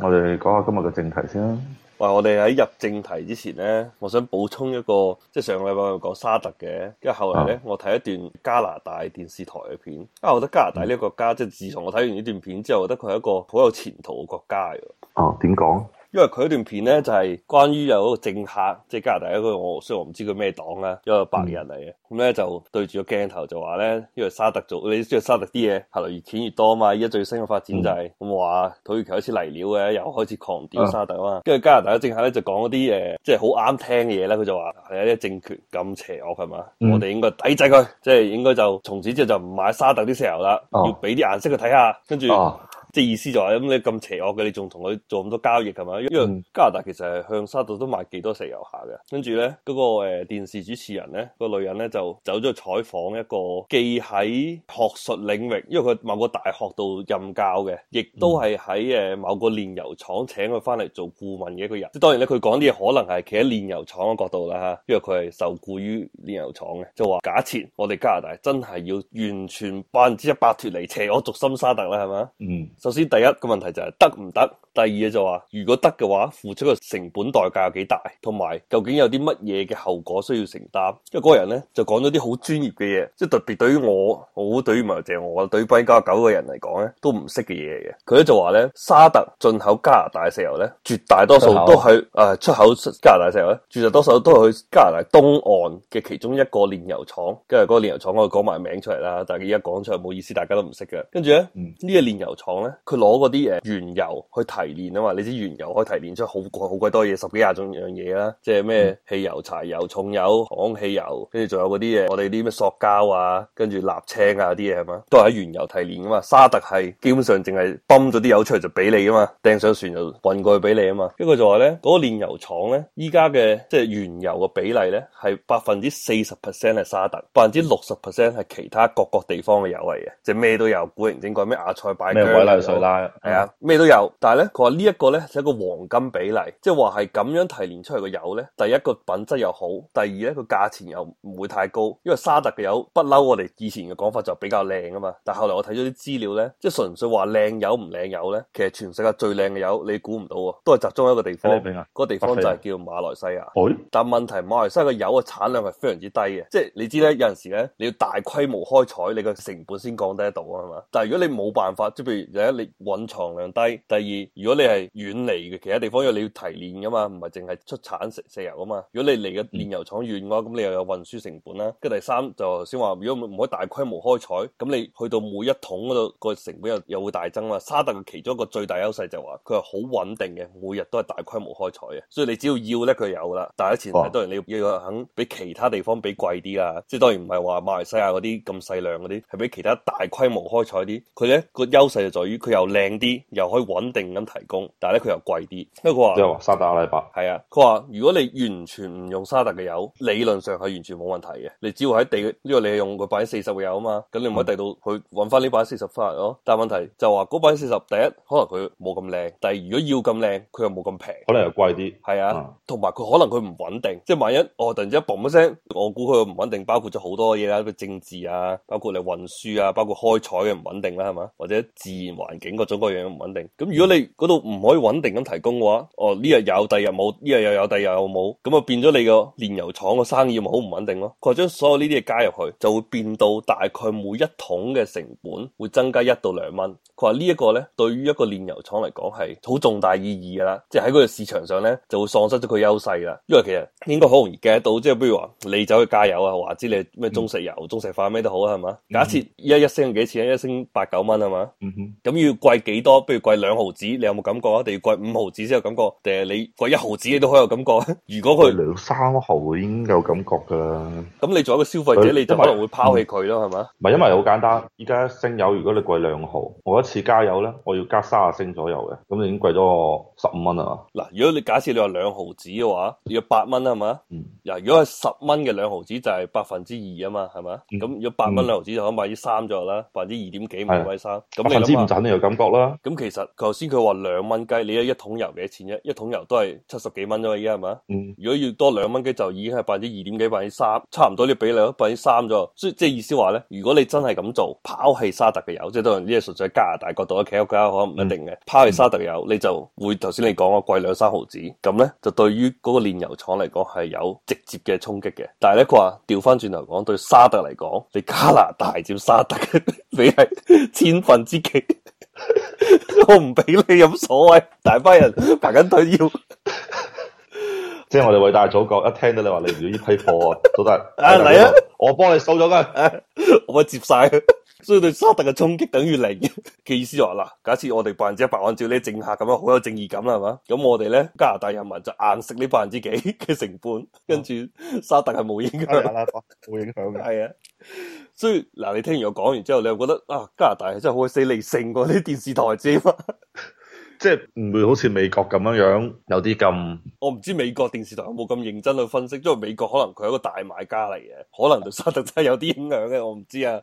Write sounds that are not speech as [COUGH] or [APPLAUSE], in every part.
我哋講下今日嘅正題先啦。喂，我哋喺入正題之前呢，我想補充一個，即係上個禮拜我講沙特嘅，跟住後來呢，啊、我睇一段加拿大電視台嘅片。啊，我覺得加拿大呢個國家，嗯、即係自從我睇完呢段片之後，我覺得佢係一個好有前途嘅國家嘅。哦、啊，點講？因為佢段片咧就係、是、關於有一個政客，即係加拿大一個，我雖然我唔知佢咩黨啊，一個白人嚟嘅，咁、嗯、咧、嗯、就對住個鏡頭就話咧，因為沙特做你知啊，沙特啲嘢，後來越捲越多啊嘛，依家最新嘅發展就係咁話，土耳其開始嚟料嘅，又開始狂屌沙特啊嘛，跟、啊、住加拿大嘅政客咧就講一啲誒，即係好啱聽嘅嘢啦，佢就話係一啲政權咁邪惡係嘛、嗯，我哋應該抵制佢，即、就、係、是、應該就從此之後就唔買沙特啲石油啦、啊，要俾啲顏色佢睇下，跟住，啊嘅意思就係咁，你咁邪惡嘅，你仲同佢做咁多交易係嘛？因為加拿大其實向沙特都買幾多石油下嘅。跟住咧，嗰個電視主持人咧，個女人咧就走咗去採訪一個既喺學術領域，因為佢某個大學度任教嘅，亦都係喺某個煉油廠請佢翻嚟做顧問嘅一個人。即當然咧，佢講啲嘢可能係企喺煉油廠嘅角度啦，因為佢係受雇於煉油廠嘅，就話假設我哋加拿大真係要完全百分之一百脫離邪惡軸心沙特啦，係嘛？嗯。首先第一個問題就係得唔得？第二嘅就話，如果得嘅話，付出嘅成本代價有幾大，同埋究竟有啲乜嘢嘅後果需要承擔？因為嗰個人咧就講咗啲好專業嘅嘢，即係特別對於我，我對於唔係淨我，我對於八九十九個人嚟講咧都唔識嘅嘢嘅。佢咧就話咧，沙特進口加拿大石油咧，絕大多數都係出口、啊呃、出口加拿大石油咧，絕大多數都係去加拿大東岸嘅其中一個煉油廠。跟住嗰個煉油廠，我講埋名出嚟啦。但係依家講出嚟冇意思，大家都唔識嘅。跟住咧呢、嗯這個煉油廠佢攞嗰啲嘢原油去提煉啊嘛，你知原油可以提煉出好貴好鬼多嘢，十幾廿種樣嘢啦，即係咩汽油、柴油、重油、航空汽油，跟住仲有嗰啲嘢，我哋啲咩塑膠啊，跟住瀝青啊啲嘢係嘛，都係喺原油提煉噶嘛。沙特係基本上淨係泵咗啲油出嚟就俾你噶嘛，掟上船就運過去俾你啊嘛。跟住佢就話咧，嗰個煉油廠咧，依家嘅即係原油嘅比例咧，係百分之四十 percent 係沙特，百分之六十 percent 係其他各個地方嘅油嚟嘅，即係咩都有，古靈精怪咩亞菜擺姜。係、嗯、啊，咩都有，但係咧，佢話呢一個咧，就一個黃金比例，即係話係咁樣提煉出嚟嘅油咧，第一個品質又好，第二咧個價錢又唔會太高，因為沙特嘅油不嬲我哋以前嘅講法就比較靚啊嘛，但係後來我睇咗啲資料咧，即係純粹話靚油唔靚油咧，其實全世界最靚嘅油你估唔到啊，都係集中喺一個地方，嗰、啊那個地方就係叫馬來西亞。西但問題馬來西亞嘅油嘅產量係非常之低嘅，即係你知咧，有陣時咧你要大規模開採，你個成本先降低得到啊嘛，但係如果你冇辦法，即譬如。第一你蘊藏量低，第二，如果你係遠離嘅其他地方，因為你要提煉噶嘛，唔係淨係出產石石油啊嘛。如果你嚟嘅煉油廠遠嘅話，咁你又有運輸成本啦。跟住第三就先話，如果唔可以大規模開採，咁你去到每一桶嗰度個成本又又會大增啊。沙特其中一個最大優勢就話佢係好穩定嘅，每日都係大規模開採嘅，所以你只要要咧佢有啦。但係前提當然你要肯比其他地方比貴啲啦，即係當然唔係話馬來西亞嗰啲咁細量嗰啲，係比其他大規模開採啲。佢咧個優勢就在於。佢又靚啲，又可以穩定咁提供，但係咧佢又貴啲。因為佢話即係話沙特阿拉伯係啊，佢話如果你完全唔用沙特嘅油，理論上係完全冇問題嘅。你只要喺地呢個你用佢百分之四十嘅油啊嘛，咁你唔可以第二度去搵翻呢百分之四十翻嚟咯。但係問題就話嗰百分之四十第一，可能佢冇咁靚，但係如果要咁靚，佢又冇咁平，可能又貴啲。係啊，同埋佢可能佢唔穩定，即係萬一哦，突然之間嘣一聲，我估佢唔穩定，包括咗好多嘢啦，個政治啊，包括你運輸啊，包括開採嘅唔穩定啦，係嘛，或者自然環境各種各樣唔穩定，咁如果你嗰度唔可以穩定咁提供嘅話，哦呢日有，第二日冇，呢日又有，第二日又冇，咁啊變咗你個煉油廠嘅生意咪好唔穩定咯。佢話將所有呢啲嘢加入去，就會變到大概每一桶嘅成本會增加一到兩蚊。佢話呢一個咧，對於一個煉油廠嚟講係好重大意義噶啦，即係喺嗰個市場上咧就會喪失咗佢優勢啦。因為其實應該好容易計到，即係比如話你走去加油啊，話知你咩中石油、嗯、中石化咩都好係嘛。假設一一升幾錢，一升八九蚊係嘛？嗯哼，咁。要貴幾多？不如貴兩毫子，你有冇感覺啊？定要貴五毫子先有感覺？定係你貴一毫子你都好有感覺？如果佢兩三毫已經有感覺噶啦，咁你作為一個消費者，你就可能會拋棄佢咯，係、嗯、咪？唔係，因為好簡單。依家升油，如果你貴兩毫，我一次加油咧，我要加三十升左右嘅，咁你已經貴咗十五蚊啊。嗱，如果你假設你話兩毫子嘅話，要八蚊啊，係嘛？嗱，如果係十蚊嘅兩毫子就係百分之二啊嘛，係咪？咁、嗯、如果八蚊兩毫子就可以買啲三左右啦，百分之二點幾咪貴三。百分之五盞。有感覺啦，咁、嗯、其實頭先佢話兩蚊雞，你一桶油幾多錢啫？一桶油都係七十幾蚊啫嘛，依家係嘛？如果要多兩蚊雞，就已經係百分之二點幾，百分之三，差唔多你俾兩百分之三咗。所以即係意思話咧，如果你真係咁做，拋棄沙特嘅油，即係當然呢個屬於加拿大角度咧，企屋家可能唔一定嘅、嗯，拋棄沙特油，你就會頭先你講啊貴兩三毫子，咁咧就對於嗰個煉油廠嚟講係有直接嘅衝擊嘅。但係咧佢話調翻轉頭講，對沙特嚟講，你加拿大佔沙特嘅比係千分之幾？ [LAUGHS] 我唔俾你有乜所謂，大批人排緊隊要， [LAUGHS] [LAUGHS] 即係我哋偉大祖國一聽到你話你唔要呢批貨啊，都得啊嚟啊， [LAUGHS] [LAUGHS] 我幫你掃咗㗎， [LAUGHS] 我接晒。所以對沙特嘅衝擊等於零嘅意思就話，嗱，假設我哋百分之一百按照呢政客咁樣，好有正義感啦，係嘛？咁我哋咧加拿大人民就硬食呢百分之幾嘅成本，啊、跟住沙特係冇影響嘅，冇影響嘅，係、哎、啊、哎哎哎哎。所以嗱，你聽完我講完之後，你又覺得啊，加拿大真係好死理性過啲電視台知嘛，即係唔會好似美國咁樣樣，有啲咁。我唔知美國電視台有冇咁認真去分析，因為美國可能佢係一個大買家嚟嘅，可能對沙特真係有啲影響嘅，我唔知啊。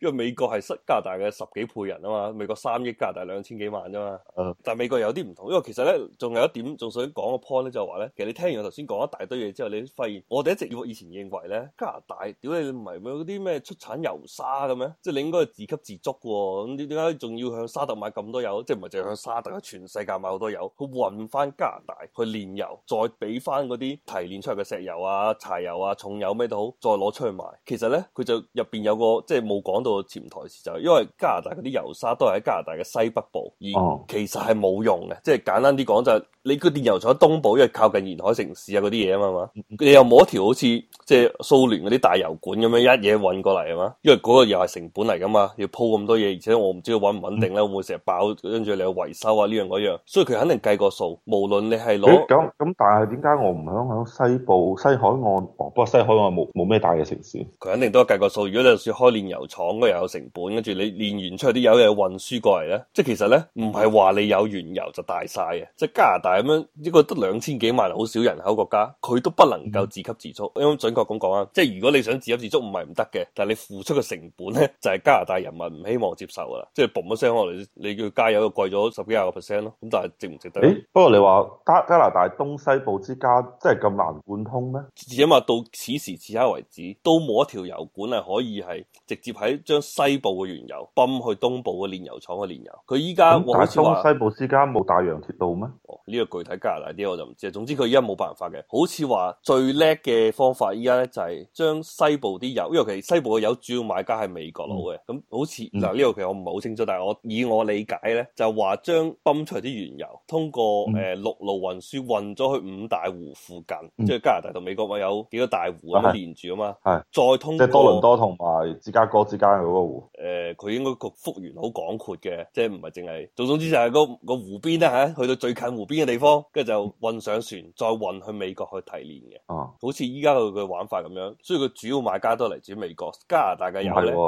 因為美國係加拿大嘅十幾倍人啊嘛，美國三億，加拿大兩千幾萬啫嘛。嗯、但係美國有啲唔同，因為其實咧，仲有一點仲想講個 point 咧，就係話咧，其實你聽完我頭先講一大堆嘢之後，你發現我哋一直以以前認為咧，加拿大，屌你唔係咪嗰啲咩出產油砂咁咩？即係你應該係自給自足喎、哦。咁點解仲要向沙特買咁多油？即係唔係淨係向沙特，全世界買好多油，去運翻加拿大去煉油，再俾翻嗰啲提煉出嚟嘅石油啊、柴油啊、重油咩都，好，再攞出去賣。其實咧，佢就入邊有個即係冇。講到潛台詞就係，因為加拿大嗰啲油砂都係喺加拿大嘅西北部，而其實係冇用嘅、啊。即係簡單啲講就係、是，你個煉油廠喺東部，因為靠近沿海城市啊嗰啲嘢啊嘛嘛，你又冇一條好似即係蘇聯嗰啲大油管咁樣一嘢運過嚟啊嘛。因為嗰個又係成本嚟噶嘛，要鋪咁多嘢，而且我唔知佢穩唔穩定咧、嗯，會唔會成日爆，跟住你去維修啊呢樣嗰樣。所以佢肯定計過數，無論你係攞咁咁，但係點解我唔響響西部西海岸？不過西海岸冇冇咩大嘅城市。佢肯定都係計過數。如果你要開煉油。廠又有成本，跟住你練完出啲油又要運輸過嚟咧，即係其實咧唔係話你有原油就大晒嘅。即係加拿大咁樣一個得兩千幾萬人好少人口國家，佢都不能夠自給自足。因、嗯、準確咁講啊，即係如果你想自給自足唔係唔得嘅，但係你付出嘅成本咧就係、是、加拿大人民唔希望接受噶啦。即係嘣一聲落嚟，你叫加油就貴咗十幾廿個 percent 咯。咁但係值唔值得、欸。不過你話加加拿大東西部之間真係咁難貫通咩？至起碼到此時此刻為止，都冇一條油管係可以係直接。喺將西部嘅原油泵去東部嘅煉油廠嘅煉油，佢依家我好似話，東西部之間冇大洋鐵路咩？呢、這個具體加拿大啲，這個、我就唔知道，總之佢依家冇辦法嘅。好似話最叻嘅方法依家咧就係，是、將西部啲油，因為其實西部嘅油主要買家係美國佬嘅。咁、嗯、好似嗱呢個其實我唔係好清楚，但係我以我理解咧就話將泵出啲原油，通過誒陸，嗯呃、路運輸運咗去五大湖附近，嗯、即係加拿大同美國位有幾個大湖啊連住啊嘛，係再通過即係多倫多同埋芝加哥之間嗰個湖。誒、呃，佢應該個幅員好廣闊嘅，即係唔係淨係總總之就係個湖邊啦嚇，去到最近湖邊。嘅地方，跟住就運上船，再運去美國去提煉嘅。哦、啊，好似依家佢嘅玩法咁樣，所以佢主要買家都係嚟自美國、加拿大嘅油咧。因為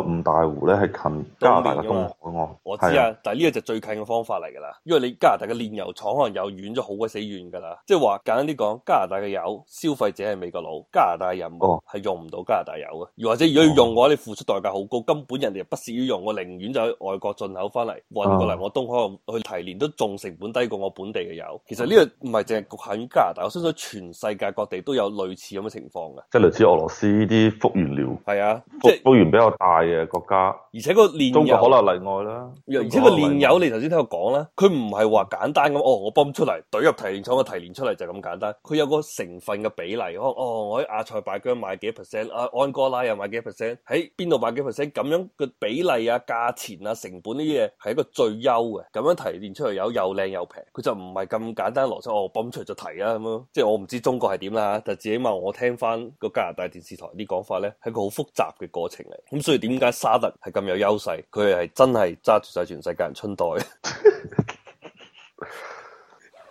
五大湖咧係近加拿大嘅東海岸。我知啊，但係呢一個就是最近嘅方法嚟㗎啦。因為你加拿大嘅煉油廠可能有遠咗好鬼死遠㗎啦。即係話簡單啲講，加拿大嘅油消費者係美國佬，加拿大嘅人係用唔到加拿大油嘅。又或者如果要用嘅話，你付出代價好高，根本人哋又不屑於用我。我寧願就喺外國進口翻嚟，運過嚟我東海岸去提煉都。同成本低過我本地嘅油，其實呢個唔係淨係局限於加拿大，我相信全世界各地都有類似咁嘅情況嘅，即係類似俄羅斯呢啲福原料係啊，即係福原比較大嘅國家，而且個煉油可能例外啦。而且個煉油，個煉油你頭先聽我講啦，佢唔係話簡單咁哦，我泵出嚟，懟入提煉廠，我提煉出嚟就咁簡單。佢有個成分嘅比例，哦，我喺亞塞拜疆買幾 percent，啊安哥拉又買幾 percent，喺邊度買幾 percent，咁樣個比例啊、價錢啊、成本呢啲嘢係一個最優嘅，咁樣提煉出嚟油。又靚又平，佢就唔係咁簡單邏輯，我泵出就提啊咁咯。即係我唔知中國係點啦，但係最起碼我聽翻個加拿大電視台啲講法咧，係個好複雜嘅過程嚟。咁所以點解沙特係咁有優勢？佢係真係揸住晒全世界人春袋。 [LAUGHS] [LAUGHS]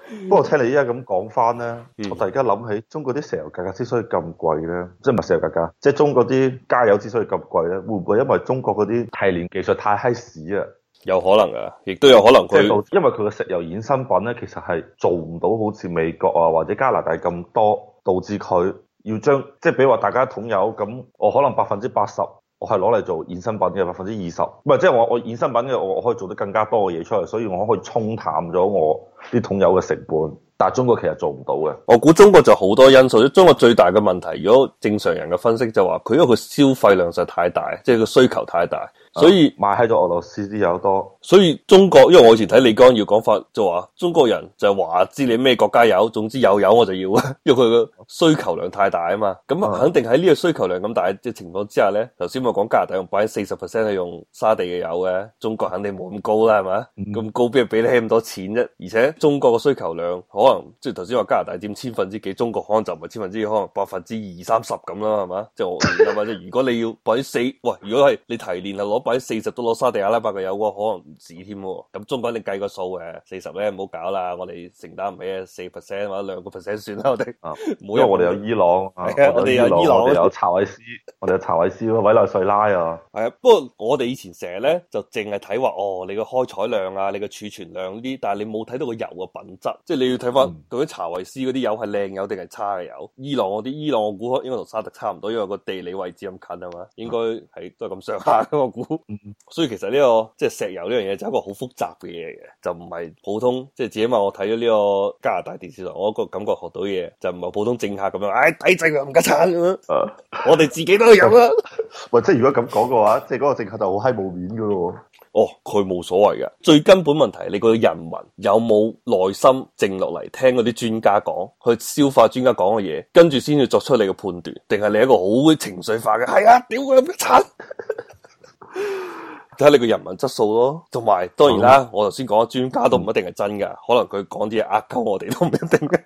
[LAUGHS] 不過聽你依家咁講翻咧，我突然間諗起中國啲石油價格之所以咁貴咧，即係咪石油價格，即係中國啲加油之所以咁貴咧，會唔會因為中國嗰啲提煉技術太閪屎啊？有可能啊，亦都有可能佢，因為佢嘅石油衍生品咧，其實係做唔到好似美國啊或者加拿大咁多，導致佢要將即係比如話大家一桶油咁，我可能百分之八十，我係攞嚟做衍生品嘅，百分之二十，唔係即係我我衍生品嘅，我可以做得更加多嘅嘢出嚟，所以我可以沖淡咗我啲桶油嘅成本。但係中國其實做唔到嘅，我估中國就好多因素。中國最大嘅問題，如果正常人嘅分析就話，佢因佢消費量實太大，即係個需求太大。所以、uh, 買喺咗俄羅斯啲油多，所以中國，因為我以前睇李剛要講法就話，中國人就話知你咩國家有，總之有油我就要，因為佢嘅需求量太大啊嘛，咁、uh. 啊肯定喺呢個需求量咁大嘅、就是、情況之下咧，頭先我講加拿大用百分之四十 percent 係用沙地嘅油嘅，中國肯定冇咁高啦，係嘛咁高邊俾你起咁多錢啫，而且中國嘅需求量可能即係頭先話加拿大佔千分之幾，中國可能就唔係千分之幾，可能百分之二三十咁啦，係嘛，即係我諗，即係如果你要擺四，喂，如果係你提煉係攞。百分之四十都攞沙地阿拉伯嘅有個可能唔止添，咁中港你計個數嘅四十咧唔好搞啦，我哋承擔唔起啊，四 percent 或者兩個 percent 算啦我哋，唔好因為我哋有伊朗， [LAUGHS] 我哋有伊朗， [LAUGHS] 我哋有，有查維斯， [LAUGHS] 我哋有查維斯咯，委內瑞拉啊，係啊，不過我哋以前成日咧就淨係睇話哦，你個開採量啊，你個儲存量啲、啊，但係你冇睇到個油嘅品質，即係你要睇翻、嗯、究竟查維斯嗰啲油係靚油定係差嘅油？伊朗嗰啲，伊朗我估應該同沙特差唔多，因為個地理位置咁近啊嘛，應該係都係咁上下嘅我估。 [LAUGHS] [LAUGHS] [NOISE] 所以其實呢，這個即係、就是，石油呢樣嘢，就係一個好複雜嘅嘢嚟嘅，就唔係普通即係至係嘛。我睇咗呢個加拿大電視台，我個感覺學到嘢就唔係普通政客咁樣，唉、哎、抵制佢冚家鏟咁樣，我哋自己都有啦。喂、呃呃呃，即係如果咁講嘅話，即係嗰個政客就好閪冇面噶咯。哦，佢冇所謂嘅，最根本問題，你個人民有冇耐心靜落嚟聽嗰啲專家講，去消化專家講嘅嘢，跟住先至作出你嘅判斷，定係你一個好情緒化嘅？係啊，屌佢冚家鏟。睇下你個人民質素咯，同埋當然啦、嗯，我頭先講嘅專家都唔一定係真㗎、嗯，可能佢講啲嘢呃鳩我哋都唔一定嘅，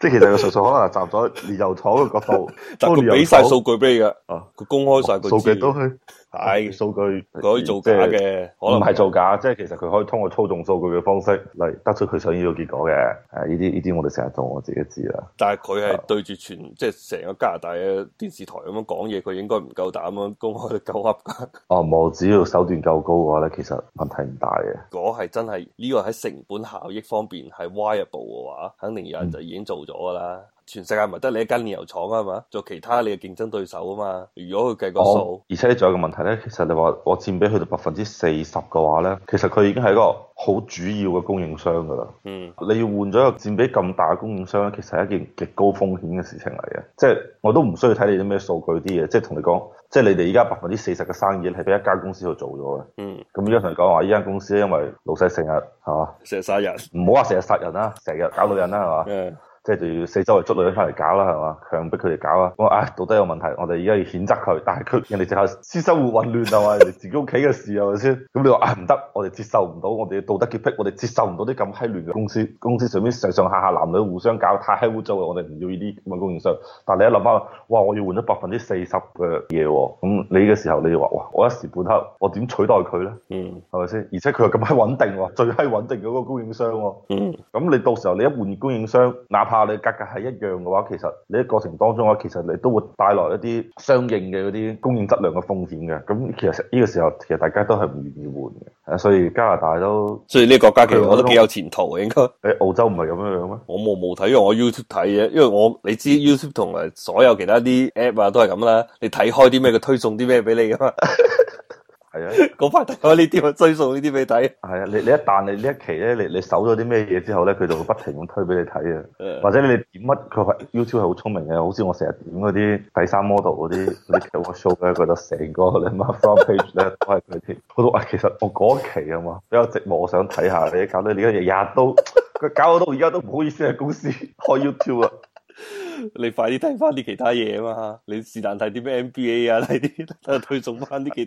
即係其實佢純粹可能站咗煉油廠嘅角度， [LAUGHS] [LAUGHS] 但係佢俾晒數據俾你嘅，佢、啊、公開晒個數據都係。係數據可以造假嘅，可能唔係造假，即係其實佢可以通過操縱數據嘅方式嚟，得出佢想要嘅結果嘅。誒，呢啲呢啲我哋成日做，我自己知啦。但係佢係對住全，即係成個加拿大嘅電視台咁樣講嘢，佢應該唔夠膽咁樣公開夠黑噶。哦、啊，冇， [LAUGHS] 只要手段夠高嘅話咧，其實問題唔大嘅。如果係真係呢個喺成本效益方面係 viable 嘅話，肯定有人就已經做咗噶啦。嗯全世界唔係得你一間煉油廠啊嘛，做其他你嘅競爭對手啊嘛。如果佢計個數，而且仲有個問題咧，其實你話我佔比去到百分之四十嘅話咧，其實佢已經係一個好主要嘅供應商噶啦。嗯，你要換咗一個佔比咁大嘅供應商咧，其實係一件極高風險嘅事情嚟嘅。即係我都唔需要睇你啲咩數據啲嘢，即係同你講，即係你哋而家百分之四十嘅生意係俾一間公司去做咗嘅。嗯你，咁一陣講話呢間公司咧，因為老細成日係嘛，成日殺人，唔好話成日殺人啦，成日搞到人啦係嘛。嗯即係就要四周圍捉女人翻嚟搞啦，係嘛？強迫佢哋搞啦！我話啊，道、哎、德有問題，我哋而家要譴責佢，但係佢人哋淨係私生活混亂，係 [LAUGHS] 嘛？人哋自己屋企嘅事係咪先？咁你話啊唔得，我哋接受唔到，我哋嘅道德潔癖，我哋接受唔到啲咁閪亂嘅公司，公司上面上上下下男女互相搞，太閪污糟嘅，我哋唔要呢啲咁嘅供應商。但係你一諗翻，哇！我要換咗百分之四十嘅嘢喎，咁你嘅時候你話哇，我一時半刻我點取代佢咧？嗯，係咪先？而且佢又咁閪穩定喎，最閪穩定嗰個供應商喎。嗯，咁你到時候你一換供應商，哪怕啊！你價格係一樣嘅話，其實你喺過程當中咧，其實你都會帶來一啲相應嘅嗰啲供應質量嘅風險嘅。咁其實呢個時候，其實大家都係唔願意換嘅。啊，所以加拿大都，所以呢個國家其實、欸、我都幾有前途嘅，應該。誒、欸，澳洲唔係咁樣樣咩？我冇冇睇，因為我 YouTube 睇嘅，因為我你知 YouTube 同埋所有其他啲 app 啊都係咁啦。你睇開啲咩，佢推送啲咩俾你噶嘛。 [LAUGHS] 嗰塊台呢啲去追溯呢啲俾你睇，係啊， [LAUGHS] 對啊 [LAUGHS] 你你一但你呢一期咧，你你搜咗啲咩嘢之後咧，佢就會不停咁推俾你睇啊。 [LAUGHS] 或者你哋點乜佢話 YouTube 係好聰明嘅，好似我成日點嗰啲第三 model 嗰啲嗰啲 show 咧，佢覺得成個你媽 front page 咧都係佢啲。我都話其實我嗰期啊嘛比較寂寞，我想睇下你，搞到你而家日日都佢，搞到我而家都唔好意思喺公司開 YouTube 啊。 [LAUGHS] 你快啲睇翻啲其他嘢啊嘛，你是但睇啲咩 NBA 啊，睇啲推送翻啲。